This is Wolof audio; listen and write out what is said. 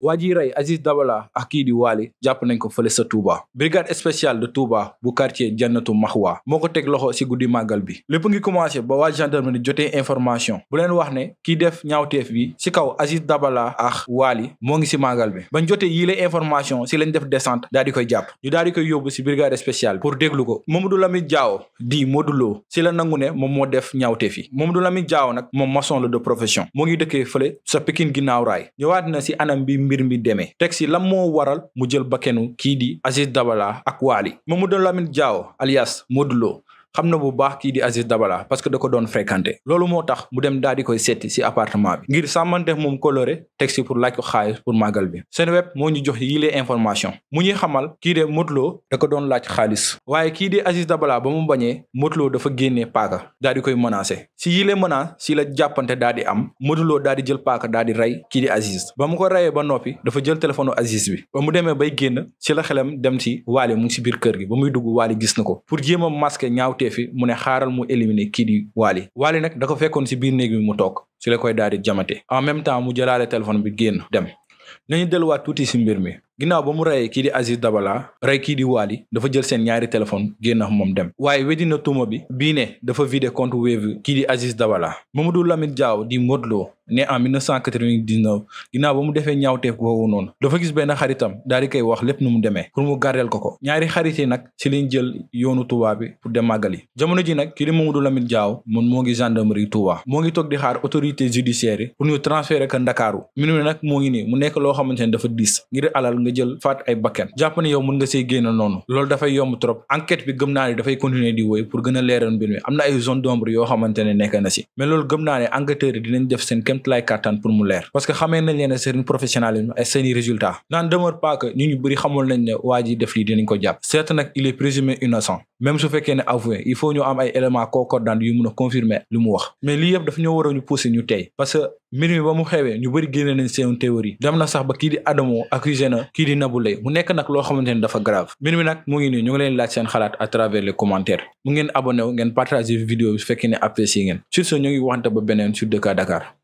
waa ji rey Aziz Dabala ak kii di Waly jàpp nañ ko fële sa Touba brigade spéciale de Touba bu quartier Jannatu Maxwa moo ko teg loxo ci guddi màggal bi lépp ngi commencé ba waa gendarmerie jotee information bu leen wax ne kii def ñaawteef bi ci kaw Aziz Dabala ak Waly moo ngi si màggal bi bañ jotee yii la information si lañ def descente daal di koy jàpp ñu daal di koy yóbbu ci brigade spéciale pour déglu ko Mamadou Lamine Diaw di Modou Lo ci la nangu ne moom moo def ñaawteef yi Mamadou Lamine Diaw nag moom maçon la de profession moo ngi dëkkee fële sa Pikine ginnaaw raay ñëwaat mbir mi demee teg si lan moo waral mu jël bakkenu kii di Aziz Dabala ak Waly Mamadou lamin Diaw alias Modou xamna bu baax ki di Aziz Dabala parce que da ko doon fréquenté loolu moo mu dem daal di koy setti si appartement bi ngir sàmmante mom coloré teg pour laaj ko xaalis pour magal bi sen web mo ñu jox yile information mu ñuy xamal ki de Modlo da ko doon laaj xaalis waaye di Aziz Dabala ba mu bañé Modlo dafa génné paka daal di koy menacé si yile menace si la jappanté daal di am Modlo daal di jël paka daal di ray ki di Aziz ba mu ko rayé ba nopi dafa jël téléphone Aziz bi ba mu démé bay génn ci la xelam dem ci walé mu ci bir kër gi ba muy dugg walé gis nako pour jema masquer ñaaw ñaawtee fi mu ne xaaral mu éliminer kii di Wally Wally nag da ko fekkoon si biir néeg bi mu toog si la koy daal di jamate en même temps mu jëlaale téléphone bi génn dem nañu delluwaat tuuti si mbir mi ginnaaw ba mu reyee kii di Aziz Dabala rey kii di Wally dafa jël seen ñaari téléphone génn ak moom dem waaye weddi na tuuma bi bii ne dafa vidé compte Wave kii di Aziz Dabala Mamadou Lamine jaaw di Modou Lo né en 1999 ginnaaw ba mu defee ñaawteef boobu noonu dafa gis benn xaritam daal di koy wax lépp nu mu demee pour mu gardeel ko ko ñaari xarit yi nag ci liñ jël yoonu Touba bi pour dem magali jamono ji nag kii di Mamadou Lamine Diaw moom moo ngi gendarmerie Touba moo ngi toog di xaar autorité judiciaire yi pour ñu transférer ko Ndakaaru mbir mi mu nekk loo xamante ne dafa diis nga jël faat ay bakkan jàpp ne nga see génn noonu loolu dafay yomb trop enquête bi gëm naa dafay continuer di woy pour gën a leeral mbir ay zone d'ombre yoo xamante ne na si mais loolu gëm naa ne enquêteurs yi dinañ def seen kéemtalaay kàttan pour mu leer parce que xamee nañ leen seen professionnalisme résultat n'en demeure pas que ñu ñu bëri def lii dinañ ko jàpp nag il est présumé innocent même su fekkee ne il faut ñu am ay éléments concordants mbir mi ba mu xewee ñu bëri génne nañ seen théorie dem na sax ba kii di Adamo accusé na kii di Nabou Leye mu nekk nag loo xamante ne dafa grave mbir mi nag mu ngi nii ñu ngi leen laaj seen xalaat à travers les commentaires mu ngeen abonné wu ngeen partagé vidéo bi su fekkee ne apprécié ngeen sur ce ñu ngi waxante ba beneen sur Dakar